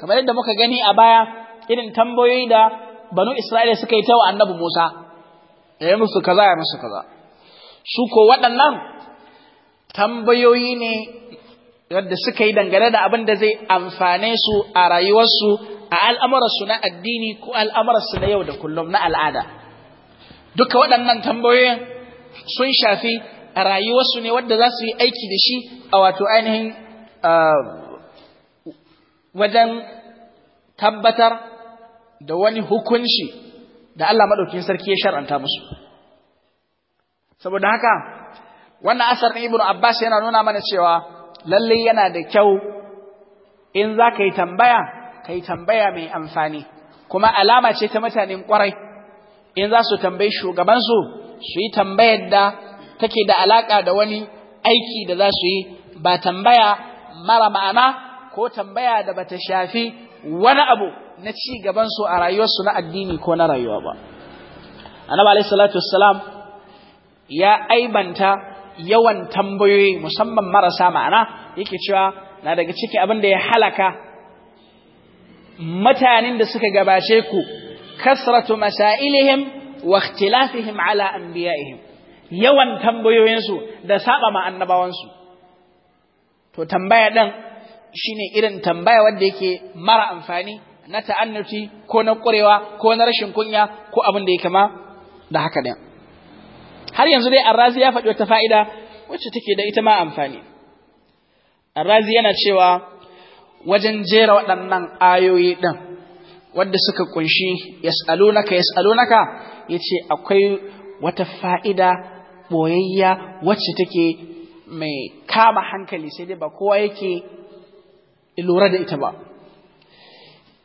kamar yadda muka gani a baya irin tambayoyi da banu Isra'ila suka yi ta wa annabi Musa, ya musu kaza ya musu kaza. Su ko waɗannan tambayoyi ne wadda suka yi dangane da abin da zai amfane su a rayuwarsu a al'amurarsu na addini ko al'amurarsu na yau da kullum na al'ada. Duka waɗannan tambayoyin sun shafi a rayuwarsu ne wadda za su yi aiki da shi a wato ainihin wajen tabbatar da wani hukunci da Allah maɗaukin sarki ya shar'anta musu. Saboda haka, wannan asar ɗin Ibn Abbas yana nuna mana cewa lalle yana da kyau in za ka yi tambaya, ka yi tambaya mai amfani, kuma alama ce ta mutanen kwarai, in za su tambayi shugabansu, su yi tambayar da take da alaka da wani aiki da za su yi ba tambaya mara ma'ana ko tambaya da ba ta shafi wani abu na ci gaban su a rayuwarsu na addini ko na rayuwa ba annabi alayhi salatu wassalam ya aibanta yawan tambayoyi musamman marasa ma'ana yake cewa na daga ciki abin da ya halaka mutanen da suka gabace ku kasratu masailihim wa ikhtilafihim ala anbiya'ihim yawan tambayoyinsu da saba ma annabawansu to tambaya ɗan shine irin tambaya wanda yake mara amfani na ta'annuti ko na ƙurewa ko na rashin kunya ko abin da ya kama da haka ɗin har yanzu dai arrazi ya faɗi wata fa'ida wacce take da ita ma amfani arrazi yana cewa wajen jera waɗannan ayoyi ɗin wadda suka kunshi yas'alunaka yas'alunaka yace akwai wata fa'ida boyayya wacce take mai kama hankali sai dai ba kowa yake lura da ita ba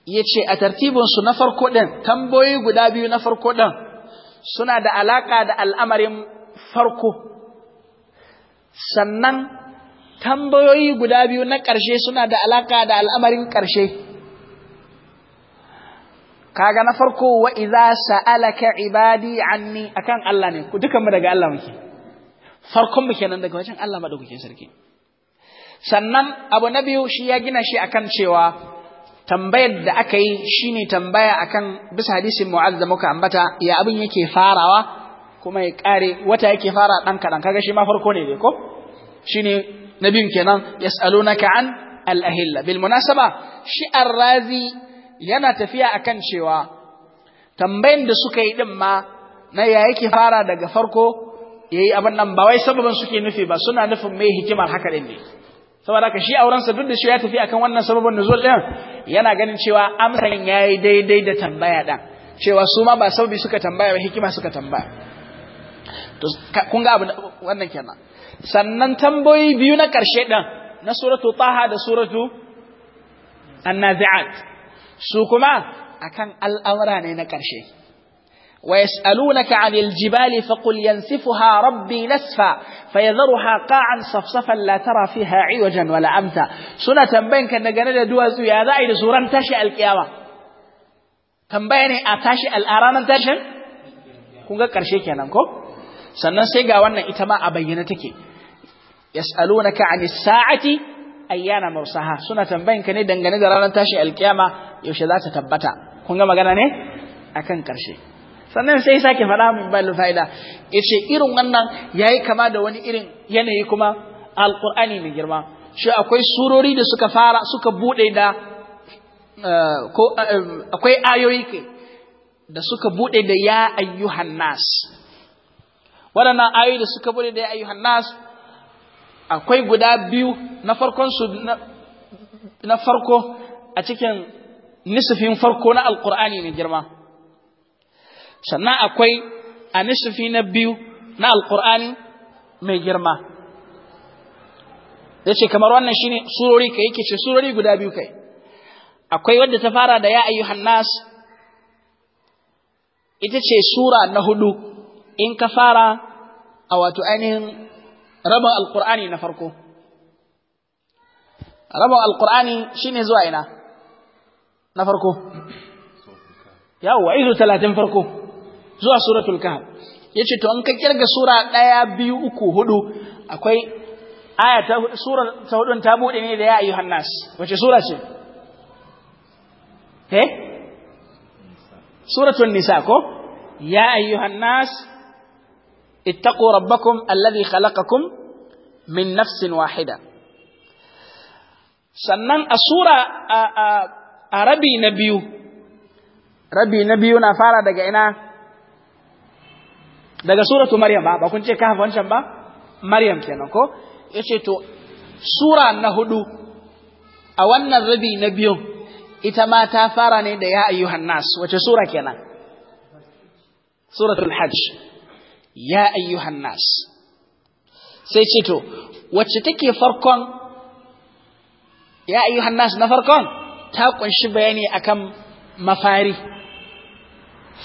ya ce a tartibinsu na farko ɗin tamboyi guda biyu na farko ɗin suna da alaƙa da al'amarin farko sannan tambayoyi guda biyu na ƙarshe suna da alaƙa da al'amarin ƙarshe kaga na farko wa idza sa'alaka ibadi anni akan Allah ne ku dukan mu daga Allah muke farkon mu kenan daga wajen Allah madaukakin sarki sannan abu na biyu shi ya gina shi akan cewa tambayar da aka yi shine tambaya akan bisa hadisin mu'adh da muka ambata ya abin yake farawa kuma ya kare wata yake fara dan kadan kaga shi ma farko ne dai ko shine nabiyun kenan yasalunaka an al-ahilla bil munasaba shi ar-razi yana tafiya akan cewa tambayin da suka yi din ma na ya yake fara daga farko yayi abin nan ba wai sababan suke nufi ba suna nufin mai hikimar haka din ne saboda haka shi aurensa duk da shi ya tafi akan wannan sababan nuzul din yana ganin cewa amsan yayi daidai da tambaya din cewa su ma ba sababi suka tambaya ba hikima suka tambaya to kun ga abu wannan kenan sannan tambayoyi biyu na karshe din na suratu taha da suratu annazi'at su kuma akan al'amura ne na ƙarshe wa yas'alunaka 'anil jibali faqul yansifuha rabbi nasfa fayadharuha qa'an safsafan la tara fiha 'iwajan wala amta suna tambayanka ka dangane da duwatsu ya za a yi suran tashi alƙiyama tambaya ne a tashi al'aranan tashin kun ga ƙarshe kenan ko sannan sai ga wannan ita ma a bayyana take yas'alunaka 'anis sa'ati ayyana mursaha suna tambayin ka ne dangane da ranar tashi alkiyama yaushe za ta tabbata kun ga magana ne akan karshe sannan sai sake faɗa min bal fa'ida yace irin wannan yayi kama da wani irin yanayi kuma alqur'ani mai girma shi akwai surori da suka fara suka bude da eh, ko eh, akwai ayoyi da suka bude da ya ayyuhan nas waɗannan ayoyi da suka bude da ya ayyuhan nas akwai guda biyu na farkon su na farko a cikin nisufin farko na alkur'ani mai girma sannan akwai a nisufi na biyu na alkur'ani mai girma ya ce kamar wannan shine surori ka yake ce surori guda biyu kai akwai wadda ta fara da ya ayyuhan hannas ita ce sura na hudu in ka fara a wato ainihin raba alqur'ani na farko raba alqur'ani shine zuwa ina na farko yawa izu 30 farko zuwa suratul kahf yace to an ka kirga sura 1 2 3 4 akwai aya ta sura ta hudun ta bude ne da ya ayyuhan hannas. wace sura ce eh suratul nisa ko ya ayyuhan hannas. اتقوا rabbakum الذي خلقكم من nafsin واحدة sannan a sura a rabi na biyu rabi na biyu na fara daga ina daga suratu maryam ba ba kun ce kahaf wancan ba maryam kenan ko yace to sura na hudu a wannan rabi na biyu ita ma ta fara ne da ya ayyuhan nas wace sura kenan suratul hajj ya ayyuhan nas sai ce to wacce take farkon ya ayyuhan nas na farkon ta kunshi bayani akan mafari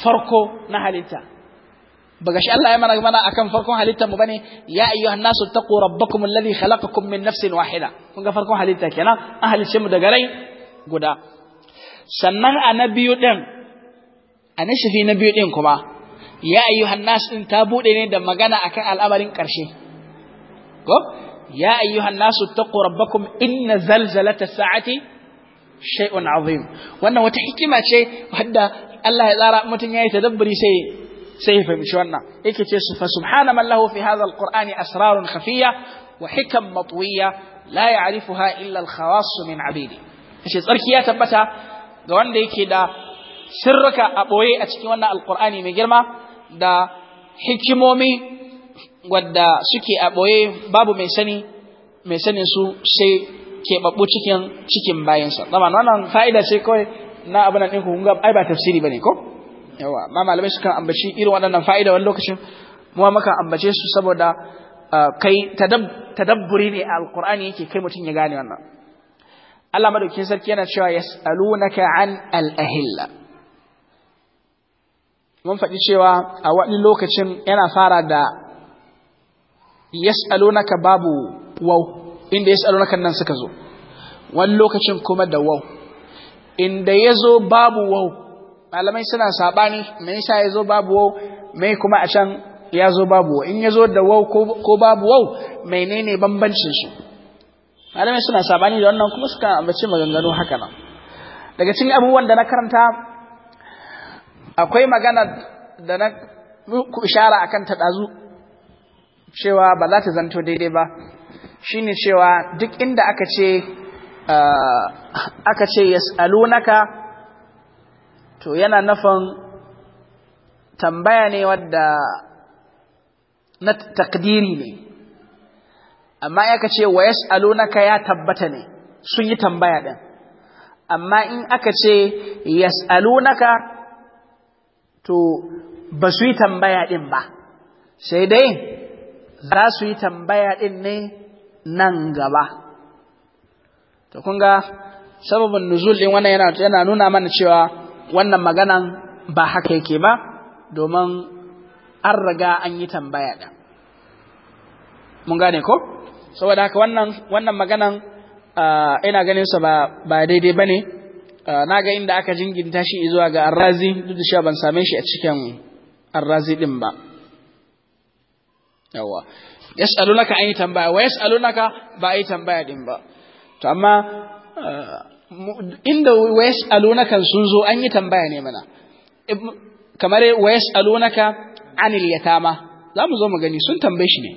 farko na halitta Baga shi Allah ya mana mana akan farkon halitta mu bane ya ayyuhan nas taqu rabbakum alladhi khalaqakum min nafsin wahida kun ga farkon halitta kenan an halice mu daga rai guda sannan a biyu din a na na biyu din kuma ya ayyuhan nas din ta bude ne da magana akan al'amarin karshe ko ya ayyuhan nas taqu rabbakum inna zalzalata sa'ati shay'un azim wannan wata hikima ce wadda Allah ya tsara mutum yayi tadabburi sai sai ya fahimci wannan yake ce su fa subhana man lahu fi hadha alqur'ani asrarun khafiyya wa hikam matwiya la ya'rifuha illa alkhawas min abidi shi tsarki ya tabbata ga wanda yake da sirrika a ɓoye a cikin wannan alkur'ani mai girma da hikimomi wadda suke a ɓoye babu mai sani mai sanin su sai keɓaɓɓu cikin cikin bayansa zaman wannan fa'ida ce kawai na abin nan ku ga ai ba tafsiri bane ko yawa ma malamai sukan ambaci irin waɗannan fa'ida wani lokacin mu maka ambace su saboda kai tadabburi ne a alqur'ani yake kai mutum ya gane wannan Allah madaukakin sarki yana cewa yas'alunaka an al-ahilla mun faɗi cewa a wani lokacin yana fara da yas'alunaka babu waw inda yas'alunaka nan suka zo wani lokacin kuma da waw inda ya zo babu waw malamai suna mai me ya zo babu waw me kuma a can ya zo babu waw in ya zo da waw ko babu waw ne bambancin su malamai suna saɓani da wannan kuma suka ambaci maganganu haka nan daga cikin abubuwan da na karanta akwai magana da na ku ishara akan ta dazu cewa ba za ta zanto daidai ba shine cewa duk inda aka ce aka ce yas'alunaka to yana nufin tambaya ne wadda na takdiri ne amma aka ce wa yas'alunaka ya tabbata ne sun yi tambaya din amma in aka ce yas'alunaka to ba su yi tambaya ɗin ba sai dai za su yi tambaya ɗin ne nan gaba to kun ga sababin nuzul ɗin wannan yana, yana nuna mana cewa wannan maganan ba haka yake ba domin an riga an yi tambaya ɗin mun gane ko saboda haka wannan wannan maganan ah, ina ganin sa ba ba daidai bane Ah, na ga inda aka jinginta shi zuwa ga arrazi duk da sha ban same shi a cikin arrazi din ba yawa yas'alunaka an yi tambaya wa yas'alunaka ba a yi tambaya din ba to amma ah, inda wa yas'alunaka sun zo an yi tambaya ne mana kamar wa yas'alunaka anil yatama za mu zo mu gani sun tambaye shi ne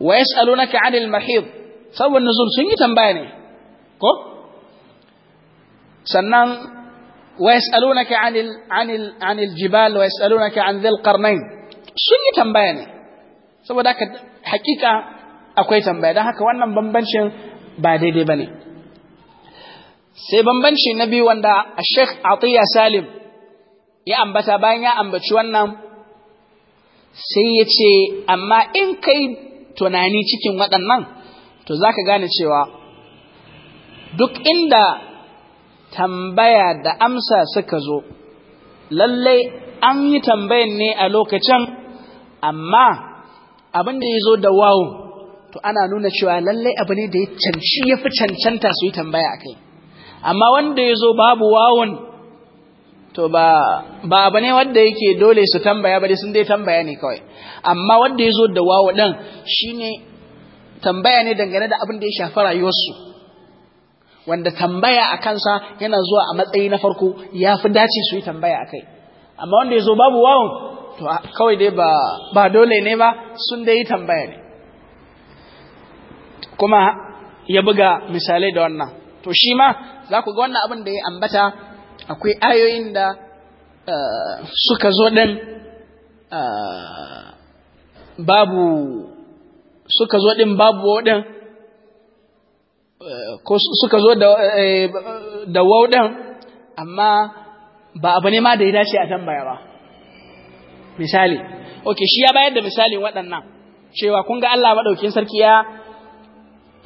wa yas'alunaka anil mahid saboda nuzul sun yi tambaya ne sannan wa yas'alunaka anil anil anil jibal wa yas'alunaka an dhil qarnain sun yi tambaya ne saboda haka hakika akwai tambaya dan haka wannan bambancin ba daidai bane sai bambanci na biyu wanda Sheikh Atiya Salim ya ambata bayan ya ambaci wannan sai ya ce amma in kai tunani cikin waɗannan to zaka gane cewa duk inda tambaya da amsa suka zo lallai an yi tambayan ne a lokacin amma abin da ya zo da wawo to ana nuna cewa lallai abu ne da ya canci ya fi cancanta su yi tambaya a kai amma wanda ya zo babu wawon to ba abu ne wanda yake dole su tambaya ba sun dai tambaya ne kawai amma wanda ya zo da wawo ɗin ne tambaya ne dangane da abin da ya shafi rayuwarsu wanda tambaya a kansa yana zuwa a matsayi na farko ya fi dace su yi tambaya a kai amma wanda ya zo babu wawon to kawai dai ba dole ne ba sun dai yi tambaya ne kuma ya buga misalai da wannan to shi ma za ku ga wannan abin da ya ambata akwai ayoyin da eh, suka zo ɗin eh, babu suka zo ɗin babu waɗin ko suka zo da eh, wauɗan amma ba abu ne ma da ya dace a tambaya ba misali ok shi ya bayar da misali waɗannan cewa kun ga Allah maɗaukin sarki ya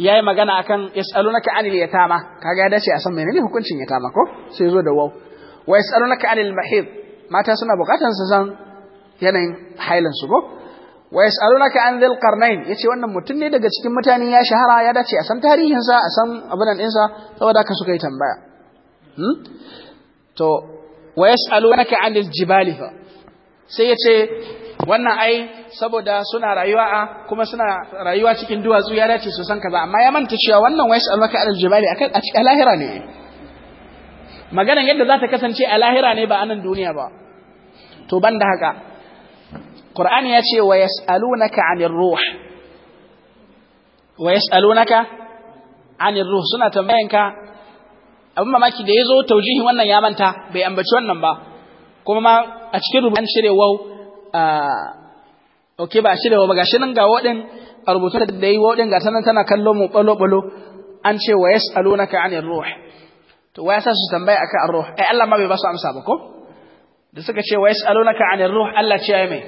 ya yi magana akan yas'alunaka anil yatama kaga ya dace a san menene hukuncin yatama ko sai zo da waw wa yas'alunaka anil mahid mata suna bukatar su san yanayin hailan su ko wa yas'alunaka an dhil qarnain yace wannan mutum ne daga cikin mutane ya shahara ya dace a san tarihinsa a san abin nan ɗinsa saboda haka suka yi tambaya hmm? to wa yas'alunaka an jibali fa sai yace wannan ai saboda suna rayuwa a kuma suna rayuwa cikin duwatsu ya dace su san kaza amma ya manta cewa wannan wa yas'alunaka an jibali akan a cikin lahira ne maganan yadda za ta kasance a lahira ne ba a nan duniya ba to ban da haka Qur'ani ya ce wa yas'alunaka 'anir ruh wa yas'alunaka 'anir ruh suna tambayanka abin mamaki da yazo taujihin wannan ya manta bai ambaci wannan ba kuma ma a cikin rubutun shirye wau okay ba shirye wau ba gashi nan ga wadin a rubutun da yi wadin ga sanan tana kallo mu balo balo an ce wa yas'alunaka 'anir ruh to wa yasa su tambaya akan ruh ai eh, Allah ma bai ba su amsa ba ko da suka ce wa yas'alunaka 'anir ruh Allah ce ai mai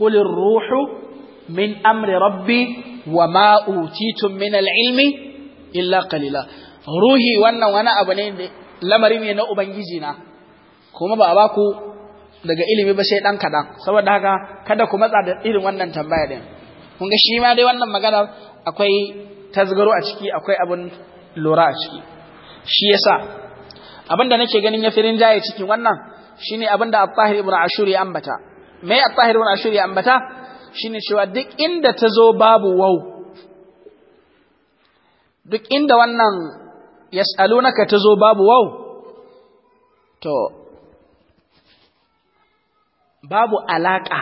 قل الروح من أمر ربي وما أوتيتم من العلم إلا قليلا روحي وانا وانا أبنين لمرين ينأ بنجيزنا كما بأباكو daga ilimi ba sai dan kadan saboda haka kada ku matsa da irin wannan tambaya din kun ga shi ma dai wannan magana akwai tazgaro a ciki akwai abin lura a ciki shi yasa abin da nake ganin ya firin jaye cikin wannan shine abin da Al-Tahir ibn Ashur ya ambata me a tahir wani ashir ya ambata shine cewa duk inda ta zo babu wau duk inda wannan yas'alunaka ta zo babu wau to babu alaka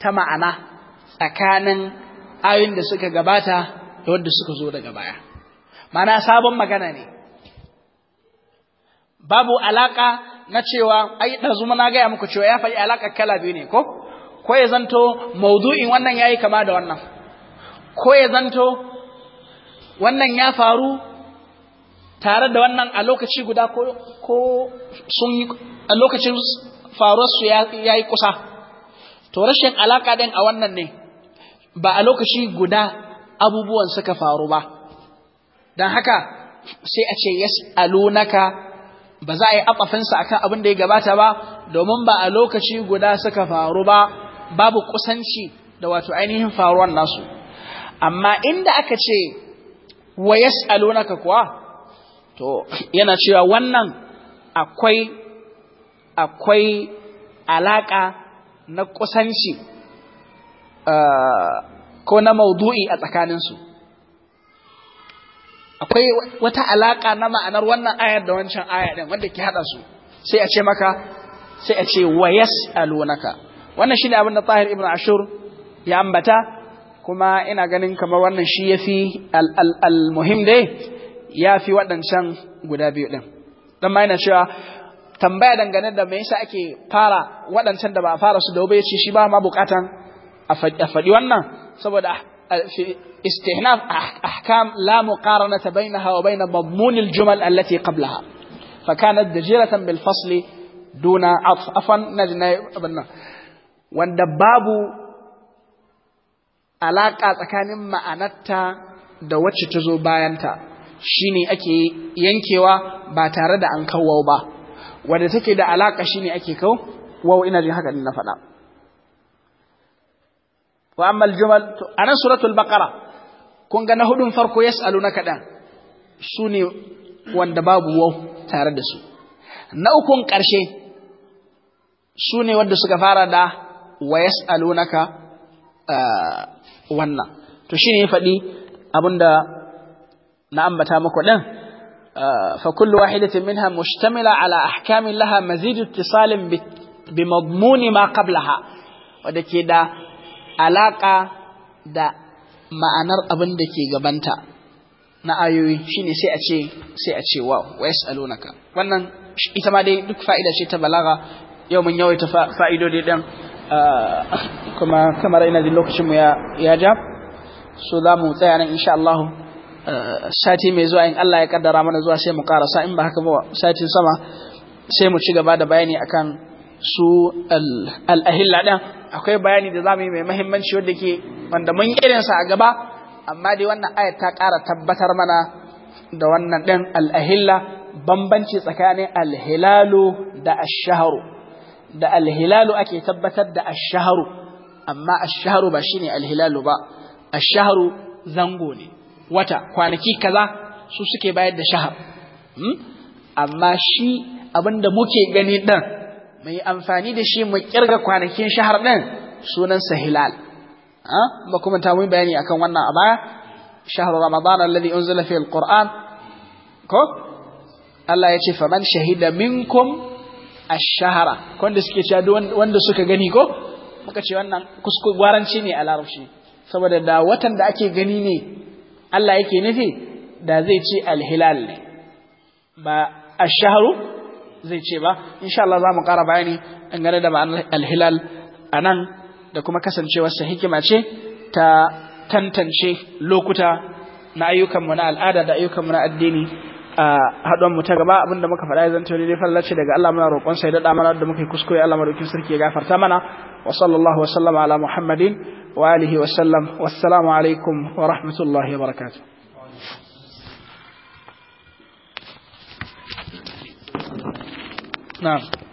ta ma'ana tsakanin ayoyin da suka gabata da wanda suka zo daga baya ma'ana sabon magana ne babu alaƙa. na cewa ai ɗazu na gaya muku cewa ya faɗi alaƙar kala biyu ne ko ko ya zanto maudu'in wannan ya yi kama da wannan ko ya zanto wannan ya faru tare da wannan a lokaci guda ko, ko sun a lokacin faruwarsu ya yi kusa to rashin alaƙa ɗin a wannan ne ba a lokaci guda abubuwan suka faru ba don haka sai a ce yas'alunaka ba za a yi abafinsa kan abin da ya gabata ba domin ba a lokaci guda suka faru ba babu kusanci da wato ainihin faruwan nasu amma inda aka ce wa ya yas'alunaka kuwa to yana cewa wannan akwai akwai alaka na kusanci eh, ko na maudu'i a tsakaninsu akwai wata alaka na ma'anar wannan ayar da wancan aya din wanda ke hada su sai a ce maka sai a ce wa yas'alunaka wannan shine abin da Tahir ibn Ashur ya ambata kuma ina ganin kamar wannan shi yafi al-muhim dai yafi waɗancan guda biyu din dan ma na cewa tambaya dangane da me yasa ake fara waɗancan da ba a fara su da ya ce shi ba ma bukatan a faɗi wannan saboda في استئناف احكام لا مقارنه بينها وبين مضمون الجمل التي قبلها فكانت دجيره بالفصل دون عطف عفوا والدباب علاقه تكان معنتا دوتش تزو باينتا شيني اكي ينكيوا باتارد تاره ان كوو با وده علاقه شيني اكي كو واو ina jin haka wa ammal jumal to anan suratul baqara kun na hudun farko yas'alunaka dan sune wanda babu waw tare da su na ukun karshe sune wanda suka fara da wa yas'alunaka eh, wannan to shine ya faɗi abinda na ambata muku din فكل واحدة منها مشتملة على أحكام لها مزيد اتصال بمضمون ما قبلها wadda da alaƙa da ma'anar abin da ke gabanta na ayoyi shine sai a ce sai a ce wa wa yas'alunaka wannan ita ma dai duk fa'ida ce ta balaga yau mun yawaita fa'idodi dan. Ah, kuma kamar ina jin lokacin mu ya ja so za mu tsaya nan insha Allah ah, sati mai zuwa in Allah ya kaddara mana zuwa sai mu karasa in ba haka ba satin sama sai mu ci gaba da bayani akan su al'ahilla ɗin akwai bayani da za mu yi mai mahimmanci wanda ke wanda mun irinsa a gaba amma dai wannan ayat ta ƙara tabbatar mana da wannan Ɗan al'ahilla bambanci tsakanin alhilalu da ashaharu da alhilalu ake tabbatar da ashaharu amma ashaharu ba shine alhilalu ba ashaharu zango ne wata kwanaki kaza su suke bayar da shahar hmm? amma shi abinda muke gani ɗan mai amfani da shi mu kirga kwanakin shahar ɗin sunansa hilal ba kuma ta mun bayani akan wannan a baya shahar ramadan alladhi unzila fi alquran ko Allah ya ce faman shahida minkum ash-shahra da suke cewa wanda suka gani ko muka ce wannan kusko gwaranci ne a larabci saboda da watan da ake gani ne Allah yake nufi da zai ce alhilal ne ba ash-shahru zai ce ba insha Allah za mu ƙara bayani dangane da ma'anar alhilal a nan da kuma kasancewarsa hikima ce ta tantance lokuta na ayyukanmu na al'ada da ayyukanmu na addini a haɗon ta gaba abinda muka faɗa ya zanto ne falla ce daga Allah muna roƙon sai daɗa mana da muka kuskure Allah madaukin sarki ya gafarta mana wa sallallahu wa sallama ala muhammadin wa alihi wa sallam wassalamu alaikum wa rahmatullahi wa barakatuh Krishna.